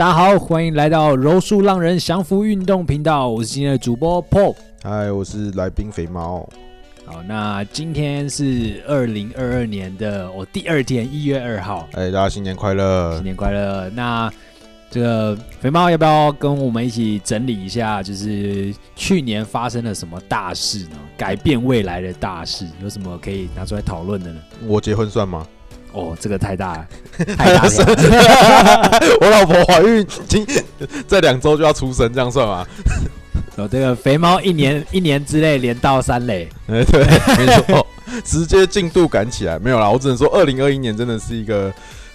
大家好，歡迎來到柔術浪人降服運動頻道，我是今天的主播 Pop，嗨，Hi, 我是來賓肥貓。好，那今天是二零二二年的我、哦、第二天，一月二號。哎，hey, 大家新年快樂！新年快樂！那這個肥貓要不要跟我們一起整理一下，就是去年發生了什麼大事呢？改變未來的大事，有什麼可以拿出來討論的呢？我結婚算嗎？哦，這個太大了，太大了。 我老婆懷孕，今在兩周就要出生，這樣算嗎？有、 哦、這個肥貓一年一年之內連到三壘哎、嗯，對， 沒錯、哦，直接進度趕起來沒有啦？我只能說，二零二一年真的是一個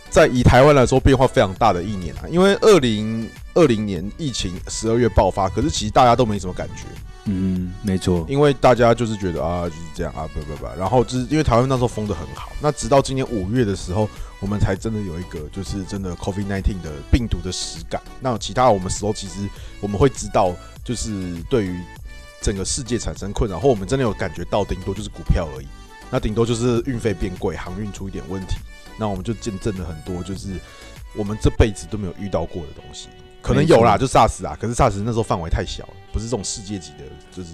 在以台灣來說變化非常大的一年啊，因為二零二零年疫情十二月爆發，可是其實大家都沒什麼感覺。嗯，沒錯，因為大家就是覺得啊，就是這樣啊，不不不，然後就是因為台灣那時候封得很好，那直到今年五月的時候，我們才真的有一個就是真的 COVID-19 的病毒的實感。那其他我們時候其實我們會知道，就是對於整個世界產生困擾，然後我們真的有感覺到頂多就是股票而已，那頂多就是運費變貴，航運出一點問題，那我們就見證了很多就是我們這輩子都沒有遇到過的東西，可能有啦，就 SARS 啊，可是 SARS 那時候範圍太小了。不是這種世界級的，就是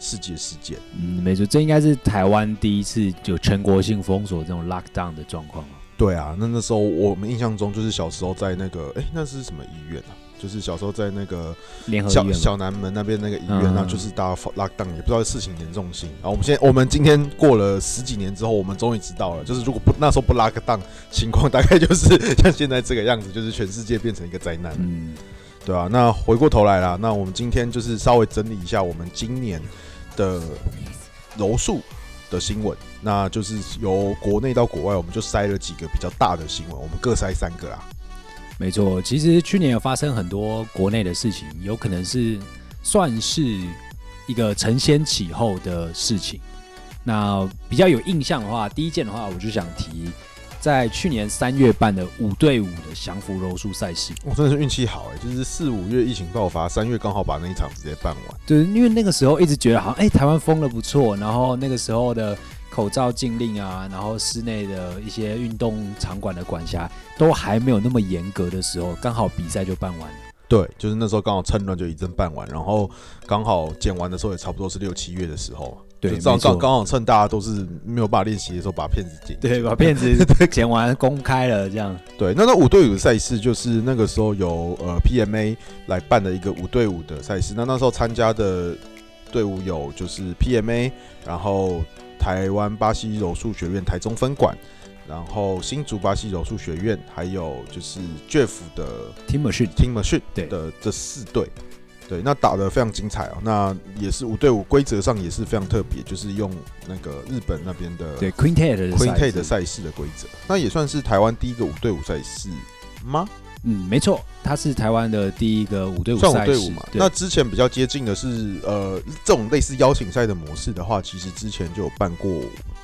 世界事件。嗯，沒錯，這應該是台灣第一次有全國性封鎖這種 lock down 的狀況。對啊，那那時候我們印象中就是小時候在那個，哎，那是什麼醫院啊？就是小時候在那個小聯合小，小南門那邊那個醫院那、啊嗯嗯、就是大 lock down，也不知道是事情嚴重性。然後我們現在我們今天過了十幾年之後，我們終於知道了，就是如果不那時候不 lock down，情況大概就是像現在這個樣子，就是全世界變成一個災難。嗯。對啊，那回過頭來了，那我們今天就是稍微整理一下我們今年的柔術的新聞，那就是由國內到國外，我們就塞了幾個比較大的新聞，我們各塞三個啊。沒錯，其實去年有發生很多國內的事情，有可能是算是一個承先啟後的事情。那比較有印象的話，第一件的話，我就想提。在去年三月辦的五對五的降伏柔術賽事、哦，我真的是運氣好哎、欸，就是四五月疫情爆發，三月剛好把那一場直接辦完。對，因為那個時候一直覺得好像哎、欸、台灣封了不錯，然後那個時候的口罩禁令啊，然後室內的一些運動場館的管轄都還沒有那麼嚴格的時候，剛好比賽就辦完了。對，就是那時候剛好趁亂就一陣辦完，然後剛好剪完的時候也差不多是六七月的時候。對，剛剛好趁大家都是沒有辦法練習的時候，把片子剪，對，把片子剪完公開了這樣。 對，那那五對五的賽事就是那個時候由呃 PMA 來辦的一個五對五的賽事。那那時候參加的隊伍有就是 PMA，然後台灣巴西柔術學院台中分館，然後新竹巴西柔術學院，還有就是 Jeff 的 Team Machine Team Machine 對的這四隊。對，那打得非常精彩哦。那也是五對五規則上也是非常特別，就是用那個日本那邊的對 Quintet 的 Quintet 的賽事的規則。那也算是台灣第一個五對五賽事嗎？嗯，沒錯，他是台灣的第一個五對五賽事。算五對五嘛？對那之前比較接近的是呃，這種類似邀請賽的模式的話，其實之前就有辦過。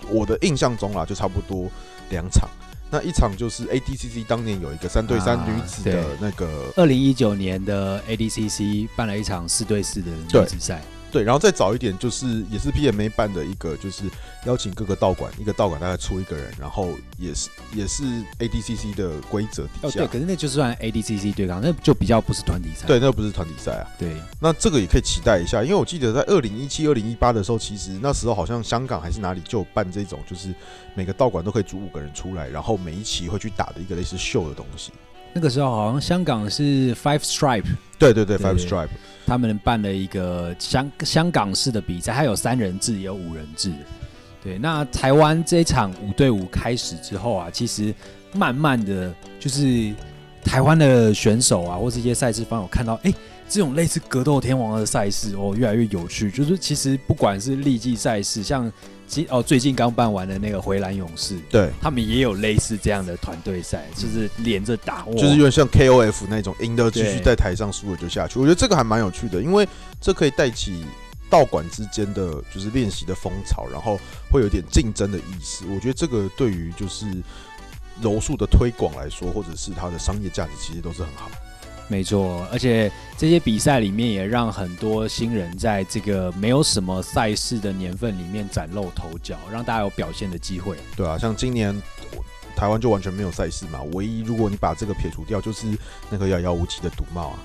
我的印象中啦，就差不多兩場。那一場就是 ADCC 當年有一個三對三、啊、女子的那個，二零一九年的 ADCC 辦了一場四對四的女子賽。對，然後再早一點就是也是 PMA 辦的一個，就是邀請各個道館，一個道館大概出一個人，然後也是也是 ADCC 的規則底下。對，可是那就是算 ADCC 對抗，那就比較不是團體賽。對，那不是團體賽啊。對，那這個也可以期待一下，因為我記得在二零一七、二零一八的時候，其實那時候好像香港還是哪裡就有辦這種，就是每個道館都可以組五個人出來，然後每一期會去打的一個類似秀的東西。那個時候好像香港是 Five Stripe，對對對 Five Stripe，他們辦了一個香香港式的比賽，還有三人制，也有五人制。對，那台灣這一場五對五開始之後啊，其實慢慢的，就是台灣的選手啊，或是一些賽事方有看到，誒、欸這種類似格鬥天王的賽事，哦，越來越有趣，就是其實不管是歷屆賽事，像今哦最近剛辦完的那個回藍勇士，對，他們也有類似這樣的團隊賽，嗯、就是連着打。就是有點像 KOF 那種，贏的繼續在台上，輸了就下去。對我覺得這個還蠻有趣的，因為這可以帶起道館之間的就是練習的風潮，然後會有點競爭的意思。我覺得這個對於就是柔術的推廣來說，或者是它的商業價值，其實都是很好。沒錯，而且這些比賽裡面也讓很多新人在這個沒有什麼賽事的年份裡面嶄露頭角，讓大家有表現的機會，對啊，像今年台灣就完全沒有賽事嘛，唯一如果你把這個撇除掉，就是那個遙遙無期的賭帽啊。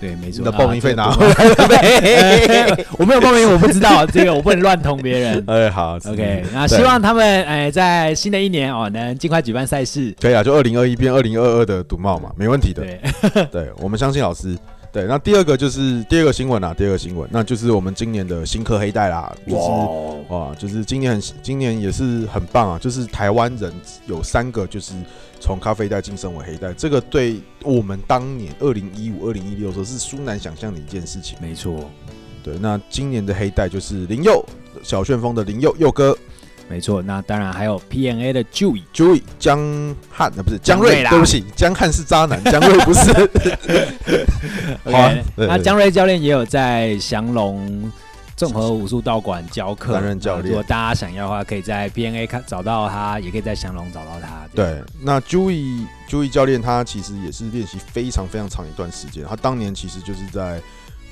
對，沒錯。那報 The、啊、名費拿回來，我沒有報名，我不知道這個，我不能亂捅別人。哎、 欸，好，OK、嗯。那希望他們哎對、呃，在新的一年哦，能盡快舉辦賽事。可以啊，就二零二一變二零二二的賭帽嘛，沒問題的。對，對，我們相信老師。對，那第二個就是第二個新聞啊，第二個新聞，那就是我們今年的新科黑帶啦，就是哦 Wow、啊，就是今年今年也是很棒啊，就是台灣人有三個就是。從咖啡帶晉升為黑帶，這個對我們當年二零一五、二零一六的時候，是殊難想象的一件事情。沒錯，對。那今年的黑帶就是林右，小旋風的林右，右哥。沒錯，那當然還有 PMA 的 Jui，Jui 江漢啊，不是江瑞，對不起，江漢是渣男，江瑞不是。好，那江瑞教練也有在降龍綜合武術道館是教課課，擔任教練。如果大家想要的話，可以在 PMA 看找到他，也可以在祥龍找到他。對，對嗯、那 Jui 對 Jui 教練他其實也是練習非常非常長一段時間。他當年其實就是在，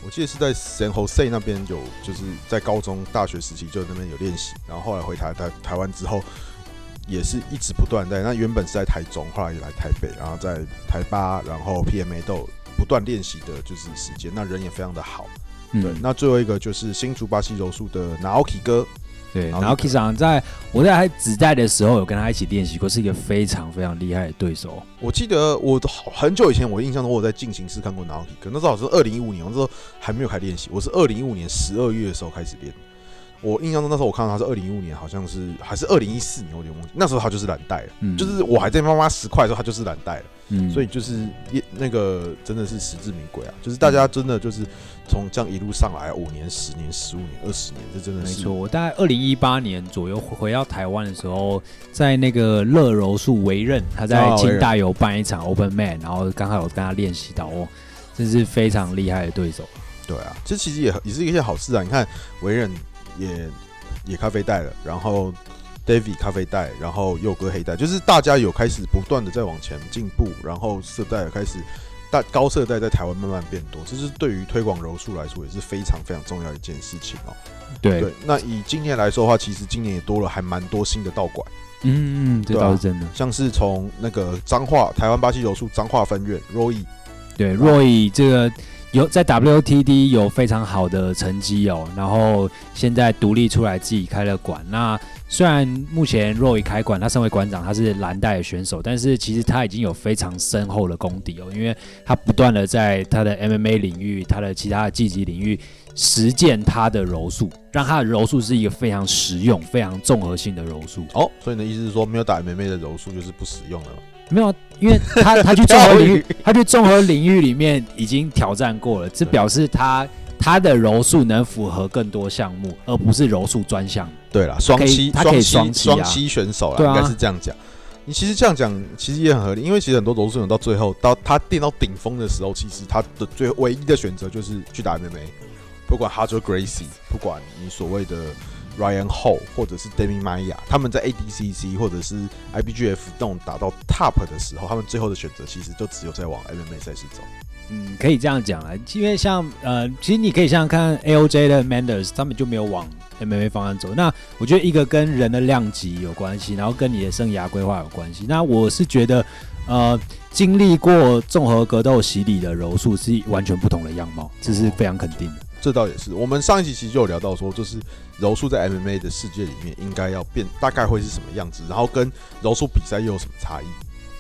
我記得是在 San Jose 那邊有，就是在高中、大學時期就那邊有練習。然後後來回台台台，台灣之後，也是一直不斷在。那原本是在台中，後來也來台北，然後在台八，然後 PMA 都有不斷練習的就是時間。那人也非常的好。嗯、對，那最後一個就是新竹巴西柔術的 Naoki 哥，對，Naoki 長在我在還子代的時候有跟他一起練習過，是一個非常非常厲害的對手。我記得我都很久以前，我印象中我在進行試看過 Naoki 哥，那時候是二零一五年，那時候還沒有開始練習，我是二零一五年十二月的時候開始練。我印象中，那時候我看到他是二零一五年，好像是還是二零一四年，我有點忘記。那時候他就是藍帶了，嗯、就是我還在媽媽十塊的時候，他就是藍帶了。嗯、所以就是那個真的是實至名歸啊！就是大家真的就是從這樣一路上來，五年、十年、十五年、二十年，這真的是沒錯。我大概二零一八年左右回到台灣的時候，在那個樂柔術維任，他在清大有辦一場 Open Mat，然後剛好有跟他練習到哦，這是非常厲害的對手。對啊，這其實也也是一件好事啊！你看維任。也也咖啡帶了，然後 David 咖啡帶，然後右哥黑帶，就是大家有開始不斷的在往前進步，然後色帶也開始大高色帶在台灣慢慢變多,這是對於推廣柔術來說也是非常非常重要一件事情哦。對，對，那以今年來說的話，其實今年也多了還蠻多新的道館。嗯，嗯，這倒是真的，啊、像是從那個彰化台灣巴西柔術彰化分院 Roy，對 by Roy 這個。有在 WTD 有非常好的成績哦，然後現在獨立出來自己開了館。那雖然目前若一開館，他身為館長，他是藍帶的選手，但是其實他已經有非常深厚的功底哦、喔，因為他不斷的在他的 MMA 領域、他的其他的技擊領域實踐他的柔術，讓他的柔術是一個非常實用、非常綜合性的柔術。哦，所以你的意思是說，沒有打 MMA 的柔術就是不實用的嗎？沒有、啊，因為他他去綜合領域， 跳雨 他去綜合領域裡面已經挑戰過了，對這表示他他的柔術能符合更多項目，而不是柔術專項。對了，雙七他，他可以雙七,七,七選手了，啊，應該是這樣講。你其實這樣講，其實也很合理，因為其實很多柔術泳到最後，到他電到頂峰的時候，其實他的最唯一的選擇就是去打妹妹，不管 Harder Gracie，不管你所謂的。Ryan Hall 或者是 Damian Maya，他們在 ADCC 或者是 IBGF 動打到 Top 的時候，他們最後的選擇其實就只有在往 MMA 賽事走。嗯，可以這樣講啊，因為像呃，其實你可以想想看 AOJ 的 Manders，他們就沒有往 MMA 方向走。那我覺得一個跟人的量級有關係，然後跟你的生涯規劃有關係。那我是覺得，呃，經歷過綜合格鬥洗禮的柔術是完全不同的樣貌，這是非常肯定的。這倒也是，我們上一集其實就有聊到說，就是柔術在 MMA 的世界裡面應該要變，大概會是什麼樣子，然後跟柔術比賽又有什麼差異？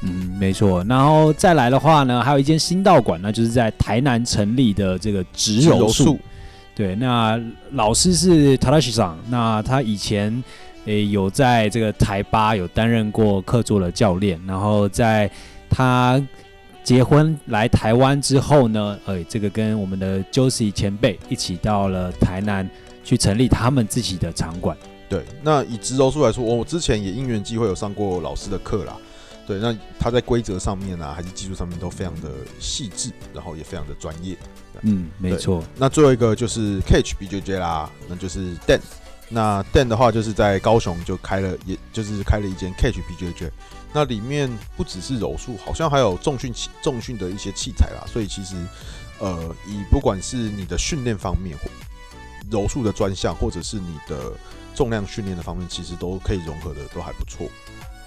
嗯，沒錯。然後再來的話呢，還有一間新道館，那就是在台南成立的這個直柔術。柔對，那老師是塔拉西桑，san, 那他以前誒、欸、有在這個台巴有擔任過客座的教練，然後在他，結婚來台灣之後呢，呃、欸、這個跟我們的 Josie 前輩一起到了台南去成立他們自己的場館。對，那以直柔術來說，我之前也因緣機會有上過老師的課啦。對，那他在規則上面啊，還是技術上面都非常的細緻，然後也非常的專業。嗯，沒錯。那最後一個就是 Catch BJJ 啦，那就是 Dan。那 Dan 的話就是在高雄就開了，也就是開了一間 Catch BJJ。那裡面不只是柔術，好像還有重訓器、重訓的一些器材啦。所以其實，呃，以不管是你的訓練方面，柔術的專項，或者是你的重量訓練的方面，其實都可以融合的，都還不錯。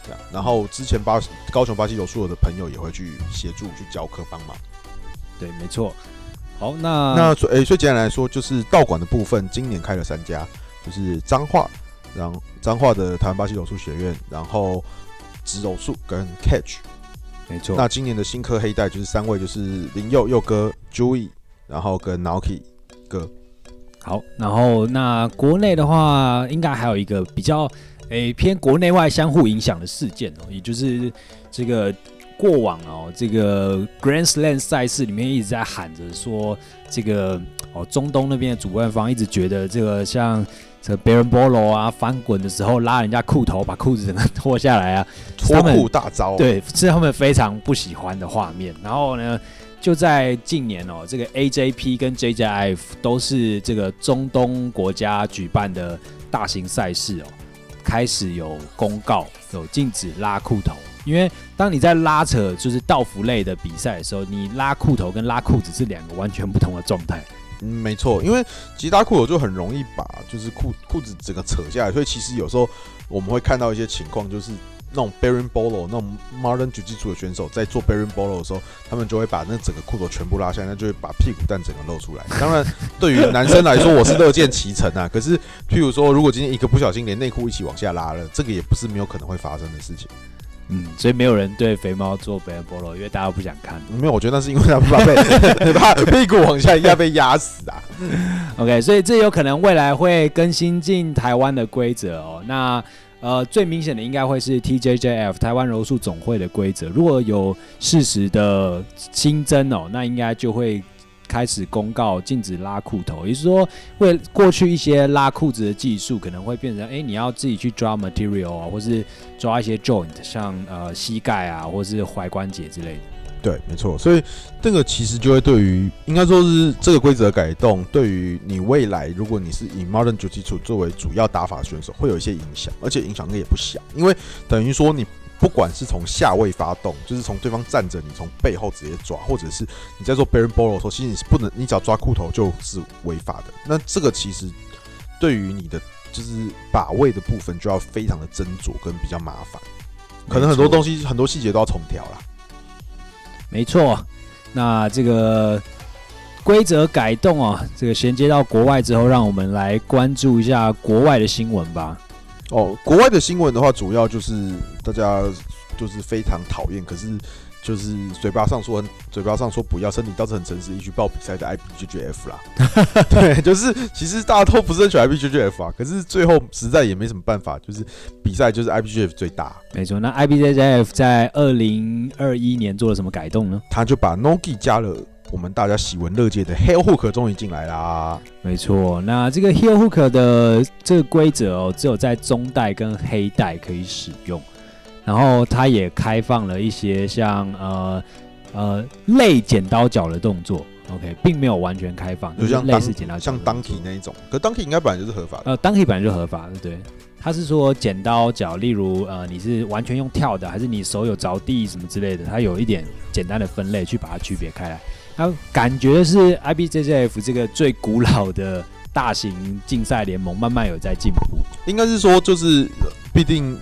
這樣。然後之前八高雄巴西柔術的朋友也會去協助去教課幫忙。對，沒錯。好，那那所誒，所以簡單來說，就是道館的部分，今年開了三家，就是彰化，然後彰化的台灣巴西柔術學院，然後。直柔術跟 catch，沒錯錯。那今年的新科黑帶就是三位，就是林右、右哥、Jui，然後跟 Naoki 哥。好，然後那國內的話，應該還有一個比較誒偏國內外相互影響的事件哦，也就是這個過往哦，這個 Grand Slam 賽事裡面一直在喊着說，這個哦中東那邊的主辦方一直覺得這個像。這別人菠蘿啊，翻滾的時候拉人家褲頭，把褲子整個脫下來啊，脫褲大招，對，是他們非常不喜歡的畫面。然後呢，就在近年哦、喔，這個 AJP 跟 JJIF 都是這個中東國家舉辦的大型賽事哦、喔，開始有公告有禁止拉褲頭，因為當你在拉扯就是道服類的比賽的時候，你拉褲頭跟拉褲子是兩個完全不同的狀態。嗯，沒錯，因為拉褲頭就很容易把就是褲褲子整個扯下來，所以其實有時候我們會看到一些情況，就是那種 Berimbolo 那種 modern JJ 的選手在做 Berimbolo 的時候，他們就會把那整個褲頭全部拉下來，那就會把屁股蛋整個露出來。當然，對於男生來說，我是樂見其成啊。可是，譬如說，如果今天一個不小心連內褲一起往下拉了，這個也不是沒有可能會發生的事情。嗯，所以沒有人對肥貓做貝爾波羅，因為大家都不想看，嗯。沒有，我覺得那是因為他不怕被，對吧？屁股往下壓被壓死啊。 OK，所以這有可能未來會更新進台灣的規則哦。那呃，最明顯的應該會是 TJJF 台灣柔術總會的規則，如果有事實的新增哦，那應該就會。開始公告禁止拉褲頭，也就是說，為過去一些拉褲子的技術可能會變成，誒、欸，你要自己去抓 material 啊，或是抓一些 joint，像呃膝蓋啊，或是踝關節之類的。對，沒錯。所以這個其實就會對於，應該說是這個規則的改動，對於你未來如果你是以 modern r 基礎作為主要打法選手，會有一些影響，而且影響力也不小，因為等於說你。不管是從下位發動，就是從對方站着，你從背後直接抓，或者是你在做 Baron Borrow 的時候，其實你是不能，你只要抓褲頭就是違法的。那這個其實對於你的就是把位的部分就要非常的斟酌，跟比較麻煩，可能很多東西沒錯，很多細節都要重調啦。沒錯，那這個規則改動啊、哦，這個銜接到國外之後，讓我們來關注一下國外的新聞吧。哦，國外的新聞的話，主要就是大家就是非常討厭，可是就是嘴巴上說嘴巴上說不要，身體倒是很誠實，一直報比賽的 IBJJF 啦。 對，就是其實大家都不是很喜歡 IBJJF 啊，可是最後實在也沒什麼辦法，就是比賽就是 IBJJF 最大。沒錯，那 IBJJF 在二零二一年做了什麼改動呢？他就把 Nogi 加了。我們大家喜聞樂見的 heel hook 終於進來啦！沒錯，那這個 heel hook 的這個規則哦，只有在棕帶跟黑帶可以使用。然後它也開放了一些像呃呃類剪刀腳的動作，OK，並沒有完全開放，就像、是、類似剪刀，像 Donkey 那一種，可 Donkey 應該本來就是合法的。呃，Donkey 本來就合法的，對。它是說剪刀腳，例如呃，你是完全用跳的，還是你手有着地什麼之類的，它有一點簡單的分類去把它區別開來。他感覺是 IBJJF 這個最古老的大型競賽聯盟慢慢有在進步。應該是說，就是畢竟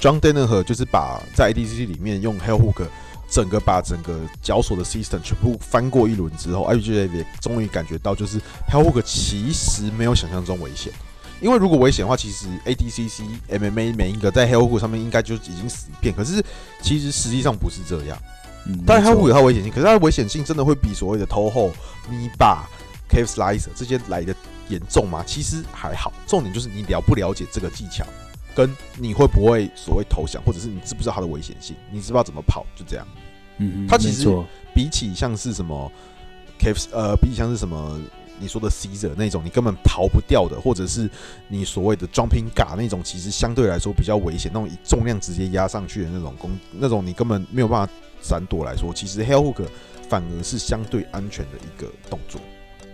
John Danner 和，就是把在 ADCC 裡面用 Hell Hook 整個把整個腳鎖的 system 全部翻過一輪之後，IBJJF 也終於感覺到就是 Hell Hook 其實沒有想象中危險。因為如果危險的話，其實 ADCC MMA 每一個在 Hell Hook 上面應該就已經死一片。可是其實實際上不是這樣。當然，它、嗯、會有它危險性，錯可是它的危險性真的會比所謂的偷後、泥巴、cave slicer 這些來的嚴重嗎？其實還好，重點就是你了不了解這個技巧，跟你會不會所謂投降，或者是你知不知道它的危險性，你知不知道怎麼跑，就這樣。嗯嗯哼，他其實比起像是什麼 s，呃，比起像是什麼你說的 slicer 那種，你根本逃不掉的，或者是你所謂的 jumping guard 那種，其實相對來說比較危險，那種以重量直接壓上去的那種攻，那種你根本沒有辦法。閃躲來說，其實 Heel Hook 反而是相對安全的一個動作。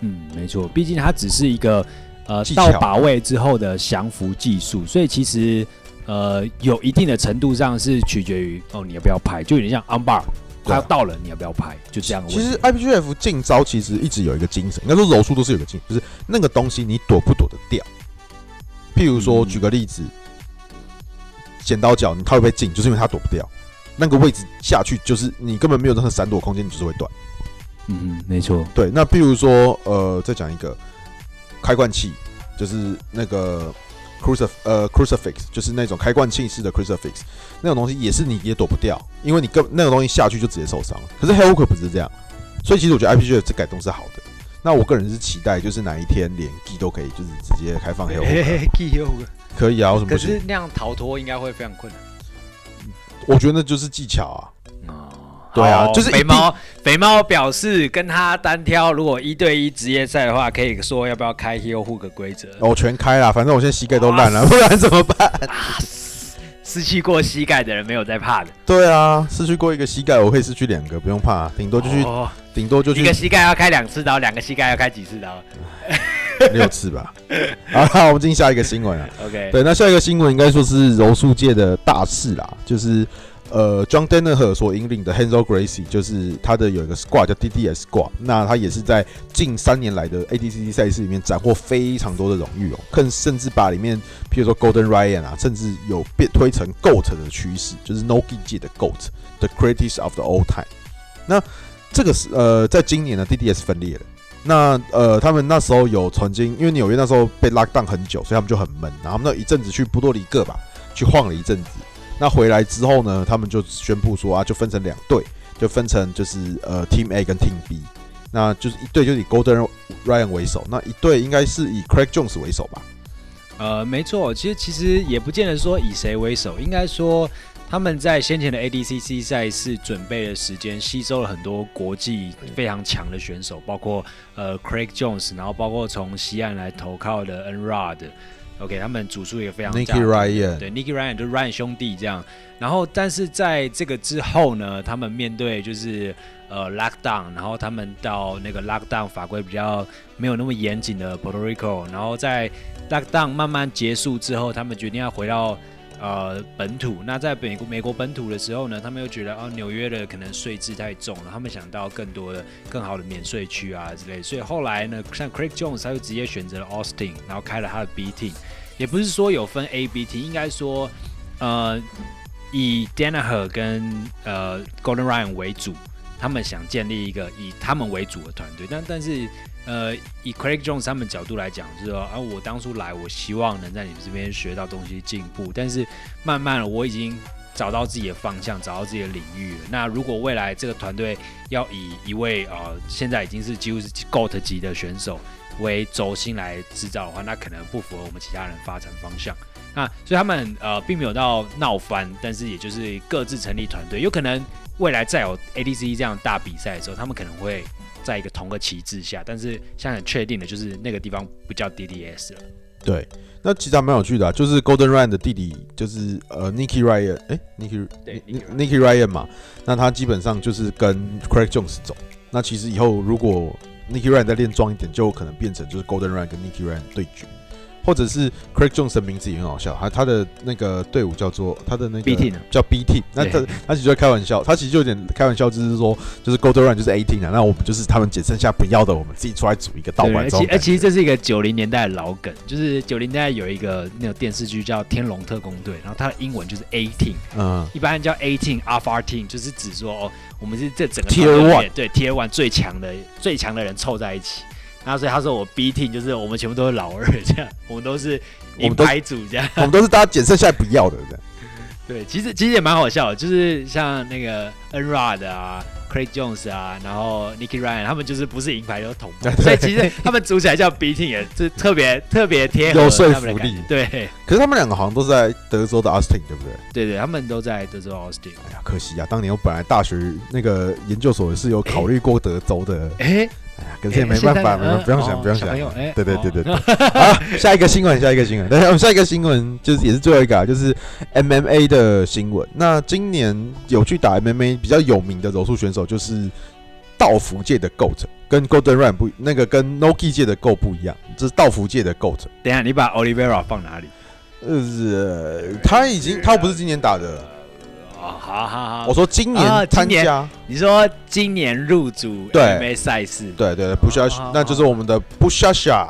嗯，沒錯，畢竟它只是一個呃巧到把位之後的降服技術，所以其實呃有一定的程度上是取決於哦你要不要拍，就有點像 Armbar，快、啊、要到了你要不要拍，就這樣。其實 IBJJF 進招其實一直有一個精神，應該說柔術都是有一個精神，就是那個東西你躲不躲得掉。譬如說嗯嗯舉個例子，剪刀腳你它會被禁，就是因為它躲不掉。那個位置下去就是你根本沒有任何閃躲空間，你就是會斷。嗯嗯，沒錯。對，那比如說，呃，再講一個開罐器，就是那個 crucif，呃 crucifix，就是那種開罐器式的 crucifix，那種東西也是你也躲不掉，因為你根，那種東西下去就直接受傷。可是 heel hook 可不是這樣，所以其實我覺得 IBJJF 的這改動是好的。那我個人是期待，就是哪一天連 G 都可以，就是直接開放 heel hook。G heel hook。可以啊，我什麼可是那樣逃脫應該會非常困難。我覺得那就是技巧啊！啊、哦，對啊，就是肥貓。肥貓表示跟他單挑，如果一對一職業賽的話，可以說要不要開 heel hook 規則？我全開啦！反正我現在膝蓋都爛了，啊、不然怎麼辦、啊啊？失去過膝蓋的人沒有在怕的。對啊，失去過一個膝蓋，我會失去兩個，不用怕，頂多就去，頂、哦、多就去一個膝蓋要開兩次刀，兩個膝蓋要開幾次刀？ 六次吧。好，我們進行下一個新聞啊。OK，對，那下一個新聞應該說是柔術界的大事啦，就是呃，John Danaher 所引領的 Renzo Gracie，就是他的有一個 Squad 叫 DDS Squad，那他也是在近三年來的 ADCC 賽事裡面斬獲非常多的榮譽哦，更甚至把裡面譬如說 Gordon Ryan 啊，甚至有被推成 GOAT 的趨勢，就是 Nogi 界的 GOAT，The Greatest of All Time。那這個是呃，在今年呢，DDS 分裂了。那呃，他們那時候有曾經，因為紐約那時候被 lockdown 很久，所以他們就很悶。然後他們那一陣子去波多黎各吧，去晃了一陣子。那回來之後呢，他們就宣布說啊，就分成兩隊，就分成就是呃，Team A 跟 Team B，那就是一隊是以 Gordon Ryan 為首，那一隊應該是以 Craig Jones 為首吧？呃，沒錯，其實其實也不見得說以誰為首，應該說。他們在先前的 ADCC 賽事準備的時間，吸收了很多國際非常強的選手，包括呃 Craig Jones，然後包括從西岸來投靠的 N-Rod。OK，他們組數也非常強。Nicky Ryan 對，Nicky Ryan 就是 Ryan 兄弟這樣。然後，但是在這個之後呢，他們面對就是呃 Lockdown，然後他們到那個 Lockdown 法規比較沒有那麼嚴謹的 Puerto Rico，然後在 Lockdown 慢慢結束之後，他們決定要回到。呃，本土那在美國美國本土的時候呢，他們又覺得哦、啊，紐約的可能稅制太重了，他們想到更多的、更好的免稅區啊之類，所以後來呢，像 Craig Jones 他就直接選擇了 Austin，然後開了他的 B Team，也不是說有分 A B T，應該說呃以 Danaher 跟呃 Gordon Ryan 為主，他們想建立一個以他們為主的團隊，但但是。呃，以 Craig Jones 他們角度來講，就是說啊，我當初來，我希望能在你們這邊學到東西、進步。但是慢慢了，我已經找到自己的方向，找到自己的領域了。那如果未來這個團隊要以一位呃，現在已經是幾乎是 GOAT 級的選手為軸心來製造的話，那可能不符合我們其他人發展方向。那所以他們呃，並沒有到鬧翻，但是也就是各自成立團隊。有可能未來再有 ADC 這樣大比賽的時候，他們可能會。在一個同個旗幟下，但是現在很確定的，就是那個地方不叫 DDS 了。對，那其實還蠻有趣的啊，就是 Gordon Ryan 的弟弟，就是呃 Nicky Ryan，誒 Nicky，Nicky Ryan 嘛，那他基本上就是跟 Craig Jones 走。那其實以後如果 Nicky Ryan 再練壯一點，就可能變成就是 Gordon Ryan 跟 Nicky Ryan 對決。或者是 Craig Jones 的名字也很好笑，還他的那個隊伍叫做他的那個叫 B Team，那對他他其實就開玩笑，他其實就有點開玩笑就，就是說就是 Gordon Ryan 就是 A Team、啊、那我們就是他們只剩下不要的，我們自己出來組一個盜版。對而，而其實這是一個九零年代的老梗，就是九零年代有一個那個電視劇叫《天龍特攻隊》，然後它的英文就是 A Team，嗯，一般叫 A Team F R Team，就是指說哦，我們是這整個 Tier One 對 Tier One 最強的最強的人湊在一起。那所以他說我 B Team 就是我們全部都是老二這樣，我們都是銀牌組這樣，我們， 我們都是大家檢測下來不要的這樣。 對，其實其實也蠻好笑的，就是像那個 N-Rod 啊，Craig Jones 啊，然後 Nicky Ryan 他們就是不是銀牌都是同破，對對對所以其實他們組起來叫 B Team 也是特別 特別貼合。有說服力。對。可是他們兩個好像都在德州的 Austin 對不對？對,對對，他們都在德州 Austin。哎呀可惜啊，當年我本來大學那個研究所是有考慮過德州的、欸。哎、欸。哎呀、啊，可是也沒辦法，不用想，不用想，對對對對、哦，好，欸、下一個新聞，欸、下一個新聞，等下，我們下一個新聞就是也是最後一個、啊，就是 MMA 的新聞。那今年有去打 MMA 比較有名的柔術選手就是道服界的 Goat，跟 Gordon Ryan 不，那個跟 Nogi 界的 Goat 不一樣，這、就是道服界的 Goat。等一下你把 Oliveira 放哪裡、就是？呃，他已經，啊、他不是今年打的。Oh, 好好好，我說今年參加，啊、你說今年入主 MMA 賽事，對對對，Buchecha、oh, 那就是我們的 Buchecha，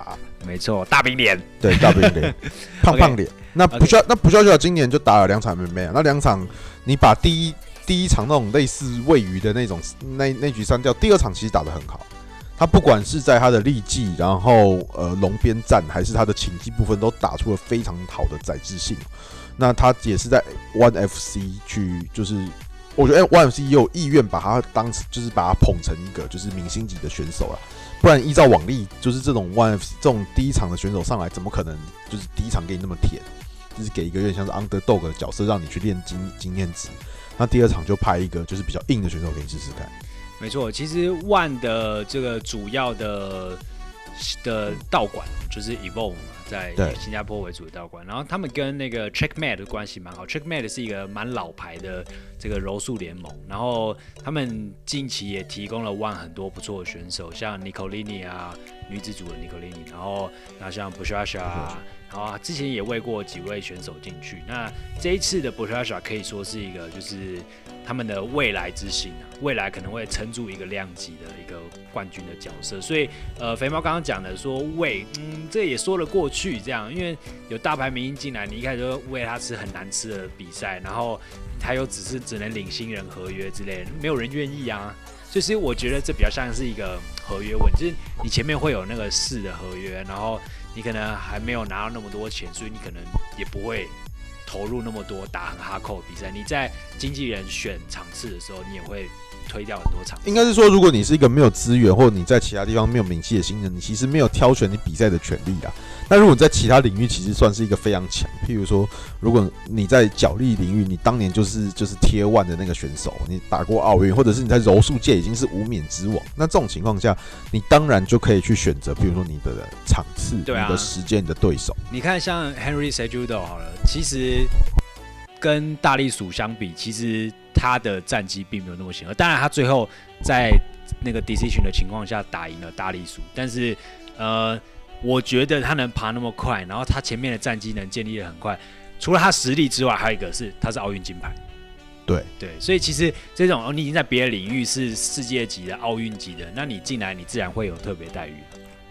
沒錯，大餅臉，對大餅臉， 胖胖臉。Okay, 那 Buchecha okay. 那 Buchecha 今年就打了兩場 MMA，那兩場你把第一第一場那種類似餵魚的那種那那局刪掉，第二場其實打得很好，他不管是在他的力技，然後呃龍邊戰還是他的情技部分，都打出了非常好的載質性。那他也是在 ONE FC 去，就是我覺得欸，ONE FC 也有意願把他當成，就是把他捧成一個就是明星級的選手了。不然依照往例，就是這種 ONE FC 這種第一場的選手上來，怎麼可能就是第一場給你那麼甜，就是給一個有點像是 Underdog 的角色讓你去練經經驗值。那第二場就派一個就是比較硬的選手給你試試看。沒錯，其實 ONE 的這個主要的。的道館就是 Evolve 在新加坡為主的道館，對然後他們跟那個 Checkmat 的關係蠻好。Checkmat 是一個蠻老牌的這個柔術聯盟，然後他們近期也提供了 One 很多不錯的選手，像 Nicolini 啊，女子組的 Nicolini，然後那像 Buche 對 cha 啊，然後之前也餵過幾位選手進去。那這一次的 Buchecha 可以說是一個就是。他們的未來之星啊，未來可能會撐住一個量級的一個冠軍的角色，所以呃，肥貓剛剛講的說喂，嗯，這也說得過去這樣，因為有大牌明星進來，你一開始就餵他吃很難吃的比賽，然後他又只是只能領新人合約之類的，沒有人願意啊，所以其實我覺得這比較像是一個合約問題，就是你前面會有那個四的合約，然後你可能還沒有拿到那麼多錢，所以你可能也不會。投入那麼多打哈扣比賽，你在經紀人選場次的時候，你也會。推掉很多場，應該是說，如果你是一個沒有資源，或者你在其他地方沒有名氣的新人，你其實沒有挑選你比賽的權利啊。那如果你在其他領域，其實算是一個非常強，譬如說，如果你在角力領域，你當年就是就是貼腕的那個選手，你打過奧運，或者是你在柔術界已經是無冕之王，那這種情況下，你當然就可以去選擇，比如說你的場次、你的時間、你的對手對、啊。你看，像 Henry Cejudo 好了，其實跟大力鼠相比，其實。他的戰績並沒有那麼顯赫，當然他最後在那個 decision 的情況下打贏了大力鼠，但是，呃，我覺得他能爬那麼快，然後他前面的戰績能建立得很快，除了他實力之外，還有一個是他是奧運金牌。對對，所以其實這種你已經在別的領域是世界級的、奧運級的，那你進來你自然會有特別待遇。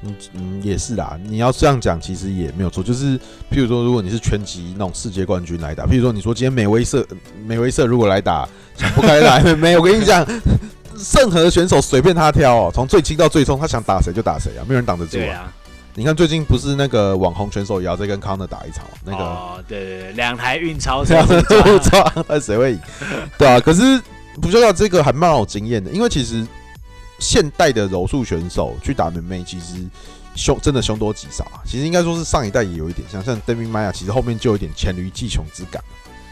嗯嗯，也是啦。你要這樣講，其實也沒有錯。就是，譬如說，如果你是拳擊那種世界冠軍來打，譬如說，你說今天梅威瑟梅威瑟如果來打，想不開來 沒有？我跟你講，任何選手隨便他挑哦、喔，從最輕到最重，他想打誰就打誰啊，沒有人擋得住啊。對啊，你看最近不是那個網紅選手也要在跟 Conor 打一場、喔、那個？哦，對，對對，兩台運鈔車、啊，不知道那誰會贏？ 對啊，可是不知道這個還蠻有經驗的，因為其實。現代的柔術選手去打 MMA，其實兇真的兇多吉少啊。其實應該說是上一代也有一點像，像 Demian Maia，其實後面就有一點黔驢技窮之感，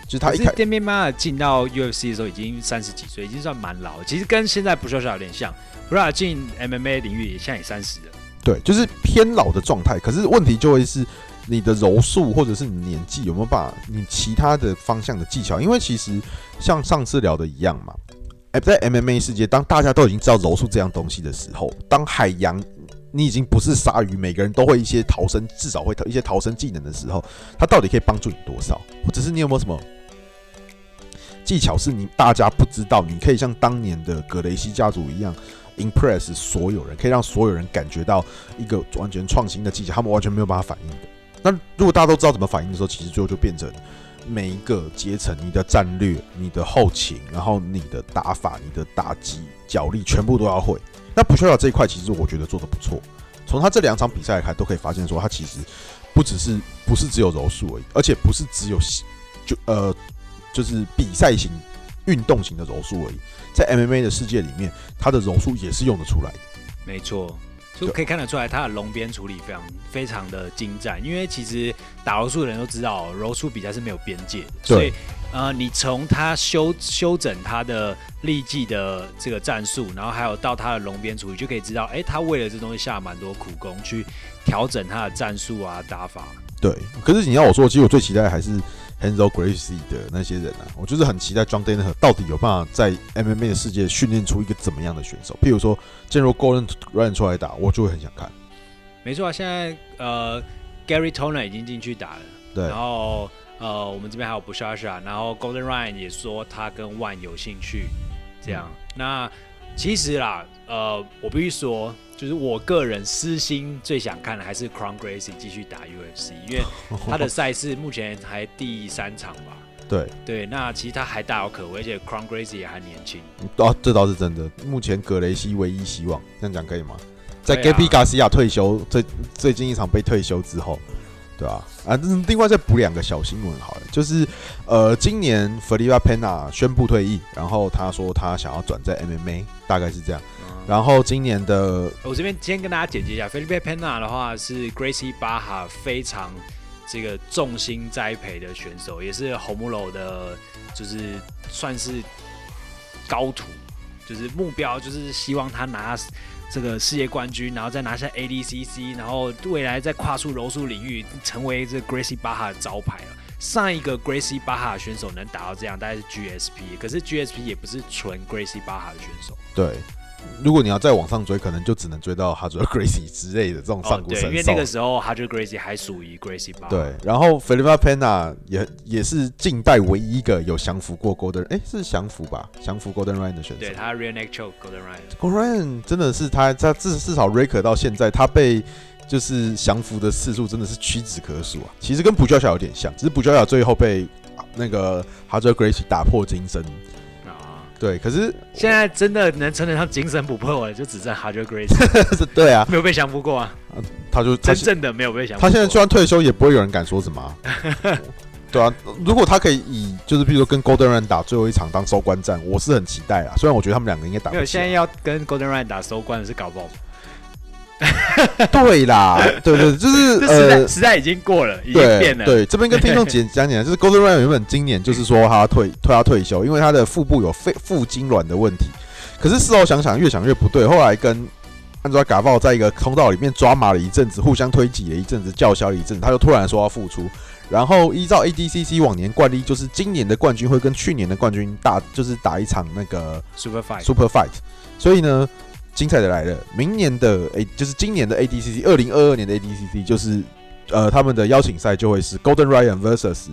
就是他一開 Demian Maia 進到 UFC 的時候，已經三十幾歲，已經算蠻老。其實跟現在布拉爾有點像，布拉爾進 MMA 領域現在也三十了。對，就是偏老的狀態。可是問題就會是你的柔術或者是你年紀有沒有把你其他的方向的技巧？因為其實像上次聊的一樣嘛。在 MMA 世界，當大家都已經知道柔術這樣東西的時候，當海洋你已經不是鯊魚，每個人都會一些逃生，至少會一些逃生技能的時候，它到底可以幫助你多少？或者是你有沒有什麼技巧是你大家不知道？你可以像當年的格雷西家族一樣，impress 所有人，可以讓所有人感覺到一個完全創新的技巧，他們完全沒有辦法反應的。那如果大家都知道怎麼反應的時候，其實最後就變成。每一個階層，你的戰略、你的後勤，然後你的打法、你的打擊、腳力，全部都要會。那 Buchecha 這一塊，其實我覺得做的不錯。從他這兩場比賽來看，都可以發現說，他其實不只是不是只有柔術而已，而且不是只有就呃就是比賽型運動型的柔術而已，在 MMA 的世界裡面，他的柔術也是用得出來的。沒錯。就可以看得出來，他的龍邊處理非常非常的精湛。因為其實打柔術的人都知道，柔術比賽是沒有邊界的，所以呃，你從他修修整他的立技的這個戰術，然後還有到他的龍邊處理，就可以知道，哎，他為了這東西下了蠻多苦功去調整他的戰術啊、打法。對，可是你要我說，其實我最期待的還是。Renzo Gracie 的那些人啊，我就是很期待 John Danaher 到底有辦法在 MMA 的世界訓練出一個怎麼樣的選手。譬如說，正如 Gordon Ryan 出來打，我就會很想看。沒錯啊，現在呃，Gary Tonon 已經進去打了，對。然後呃，我們這邊還有 Buchecha 然後 Gordon Ryan 也說他跟 ONE 有興趣這樣。嗯、那其實啦。呃，我必須說，就是我個人私心最想看的還是 Kron Gracie 繼續打 UFC，因為他的賽事目前還第三場吧？哦、對對，那其實他還大有可為，而且 Kron Gracie 也還年輕。哦、啊，這倒是真的。目前格雷西唯一希望，這樣講可以嗎？在 Gabi Garcia 退休最、啊、最近一場被退休之後，對吧、啊？啊，另外再補兩個小新聞好了，就是呃，今年 Felipe Pena 宣布退役，然後他說他想要轉戰 MMA，大概是這樣。然後今年的，我這邊先跟大家簡介一下，Felipe Pena 的話是 Gracie Barra 非常這個重心栽培的選手，也是 Romulo 的，就是算是高徒，就是目標就是希望他拿這個世界冠軍，然後再拿下 ADCC，然後未來再跨出柔術領域成為這 Gracie Barra 的招牌了。上一個 Gracie Barra 選手能達到這樣，大概是 GSP，可是 GSP 也不是純 Gracie Barra 的選手，對。如果你要再往上追，可能就只能追到 Roger Gracie 之類的這種上古神獸，因為那個時候 Roger Gracie 還屬於 Gracie 吧？對，然後 Felipe Pena 也也是近代唯一一個有降服過 Gordon 的人，哎，是降服吧？降服 Gordon Ryan 的選手。對他 Real Neck Choke Gordon Ryan Gordon Ryan 真的是他，他至至少 record 到現在他被就是降服的次數真的是屈指可數啊。其實跟 Buchecha 有點像，只是 Buchecha 最後被、啊、那個 Roger Gracie 打破金身。對，可是現在真的能稱得上精神不破的，就只剩 Roger Gracie。對啊，沒有被降服過啊，啊。他就真正的沒有被降服。他現在就算退休，也不會有人敢說什麼，啊。 對啊，如果他可以以就是比如說跟 Gordon Ryan 打最後一場當收官戰，我是很期待啊。雖然我覺得他們兩個應該打不。沒有，現在要跟 Gordon Ryan 打收官的是搞不好。 對啦，對對,對，就是這實在呃，時代已經過了，對已經變了。對,對，這邊跟聽眾講講，就是 Gordon Ryan 原本今年就是說他退，退他退休，因為他的腹部有腹腹痙攣的問題。可是事後想想，越想越不對。後來跟 Andre Galvao 在一個通道裡面抓馬了一陣子，互相推擠了一陣子，叫囂了一陣，他就突然說要復出。然後依照 ADCC 往年慣例，就是今年的冠軍會跟去年的冠軍打，就是打一場那個 Super Fight。Super Fight。所以呢。精彩的來了！明年的誒、欸，就是今年的 ADCC，二零二二年的 ADCC 就是，呃，他們的邀請賽就會是 Gordan Ryan vs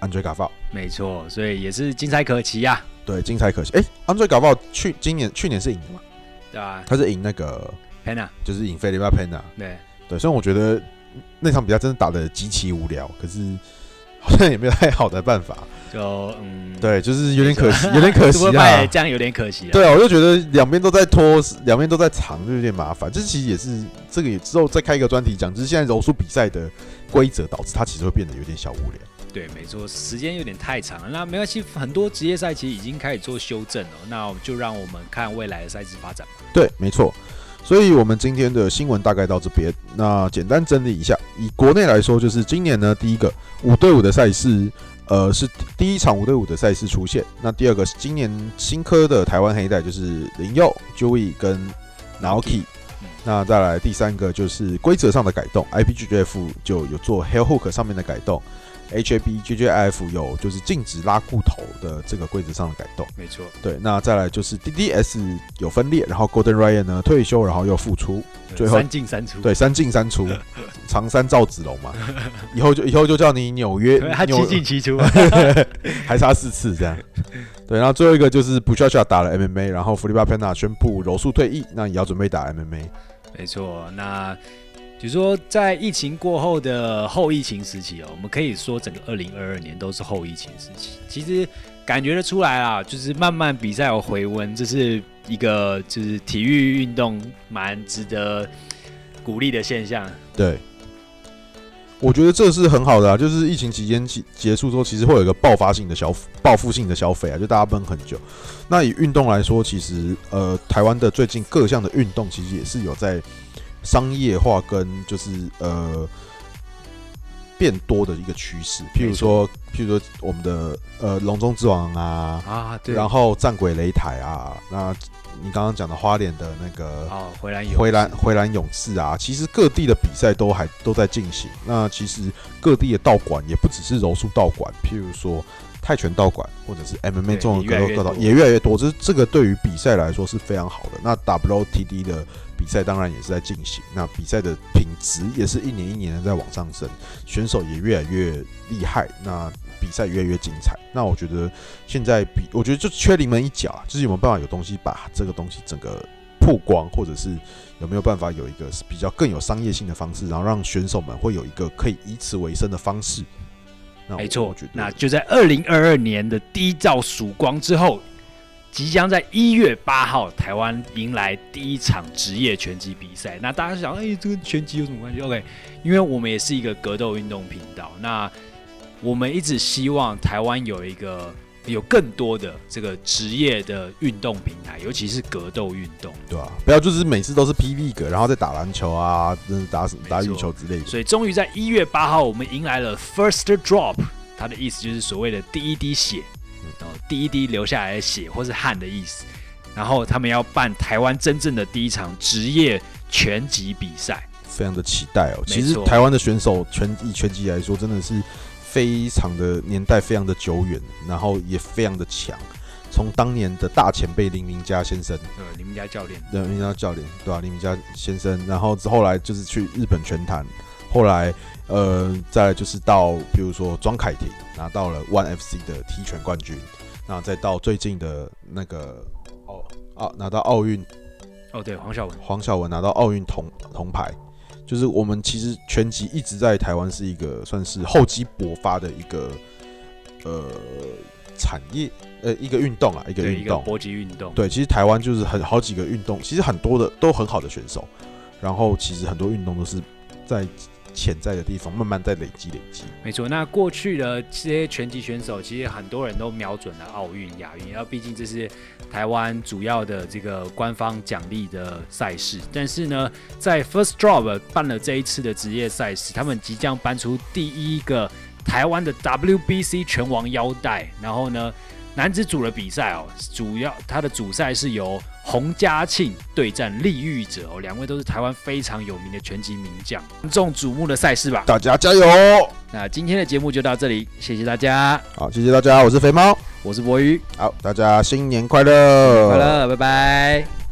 Andre Galvão 沒錯，所以也是精彩可期呀、啊。對，精彩可期。誒，Andre Galvão 去今年去年是贏的嘛？對啊，他是贏那個 Pena 就是贏 Felipe Pena 對對，所以我覺得那場比賽真的打得極其無聊，可是。好像 也沒有太好的辦法就，就嗯，對，就是有點可惜，啊、有點可惜啊，這樣有點可惜啊。對啊，我就覺得兩邊都在拖，兩邊都在藏，就有點麻煩。這、就是、其實也是這個，也之後再開一個專題講，就是現在柔術比賽的規則導致它其實會變得有點小無聊。對，沒錯，時間有點太長了。那沒關係，很多職業賽其實已經開始做修正了。那就讓我們看未來的賽制發展吧。對，沒錯。所以，我們今天的新聞大概到這邊。那簡單整理一下，以國內來說，就是今年呢，第一個五對五的賽事，呃，是第一場五對五的賽事出現。那第二個是今年新科的台灣黑帶，就是林右、Jui 跟 Naoki。那再來第三個就是規則上的改動，IBJJF 就有做 Heel Hook 上面的改動。AJP、JJIF 有就是禁止拉褲頭的這個規則上的改動，沒錯 錯。對，那再來就是 D D S 有分裂，然後 Gordon Ryan 呢退休，然後又復出，最後三進三出。對，三進三,三,三出，長山趙子龍嘛，以後就以後就叫你紐約，紐約他七進七出， 還差四次這樣。對，然後最後一個就是 Buchecha 打了 M M A，然後 Felipe Pena 宣布柔術退役，那也要準備打 M M A，沒錯。那。比如說，在疫情過後的後疫情時期哦、喔，我們可以說整個二零二二年都是後疫情時期。其實感覺得出來啊，就是慢慢比賽有回溫，這是一個就是體育運動蠻值得鼓勵的現象。對，我覺得這是很好的啊，就是疫情期間結結束之後，其實會有一個爆發性的消費，報復性的消費啊，就大家悶很久。那以運動來說，其實呃，台灣的最近各項的運動其實也是有在。商業化跟就是呃變多的一個趨勢，譬如說譬如說我們的呃龍中之王啊啊，然後戰鬼擂台啊，那你剛剛講的花蓮的那個回藍勇回藍勇士啊，其實各地的比賽都還都在進行，那其實各地的道館也不只是柔術道館，譬如說。泰拳道館或者是 MMA 這種格鬥格鬥也越來越多，我覺得這個對於比賽來說是非常好的。那 WTD 的比賽當然也是在進行，那比賽的品質也是一年一年的在往上升，選手也越來越厲害，那比賽越來越精彩。那我覺得現在比，我覺得就缺臨門一腳啊，就是有沒有辦法有東西把這個東西整個曝光，或者是有沒有辦法有一個比較更有商業性的方式，然後讓選手們會有一個可以以此為生的方式。沒錯，那就在二零二二年的第一道曙光之後，即將在一月八號，台灣迎來第一場職業拳擊比賽。那大家想，哎、欸，這跟拳擊有什麼關係？OK，因為我們也是一個格鬥運動頻道，那我們一直希望台灣有一個。有更多的這個職業的運動平台，尤其是格鬥運動。對啊，不要就是每次都是 P V 格，然後再打籃球啊，打什麼，沒錯，打羽球之類的。所以終於在一月八號，我們迎來了 First Drop，它的意思就是所謂的第一滴血，第一滴流下來的血或是汗的意思。然後他們要辦台灣真正的第一場職業拳擊比賽，非常的期待哦。其實台灣的選手拳以拳擊來說，真的是。非常的年代非常的久遠，然後也非常的強。從當年的大前輩林明佳先生，呃，林明佳教練，林明佳教練，對吧？林明佳先生，然後之後來就是去日本拳壇，後來，呃，再來就是到比如說莊凱婷，拿到了 ONE FC 的踢拳冠軍，那再到最近的那個，哦，啊，拿到奧運，哦，對，黃曉文，黃曉文拿到奧運銅銅牌。就是我們其實拳擊，一直在台灣是一個算是厚積薄發的一個呃產業，呃一個運動啊，一個運動搏擊運動，對，其實台灣就是很好幾個運動其實很多的都很好的選手，然後其實很多運動都是在。潛在的地方慢慢在累積累積。沒錯，那過去的這些拳擊選手，其實很多人都瞄準了奧運、亞運，然後畢竟這是台灣主要的這個官方獎勵的賽事。但是呢，在 First Drop 辦了這一次的職業賽事，他們即將搬出第一個台灣的 WBC 拳王腰帶。然後呢，男子組的比賽哦，主要他的主賽是由。洪家慶對戰利欲者哦，兩位都是台灣非常有名的拳擊名將，眾矚目的賽事吧，大家加油！那今天的節目就到這裡，謝謝大家。好，謝謝大家，我是肥貓，我是博魚，好，大家新年快樂，新年快樂，拜拜。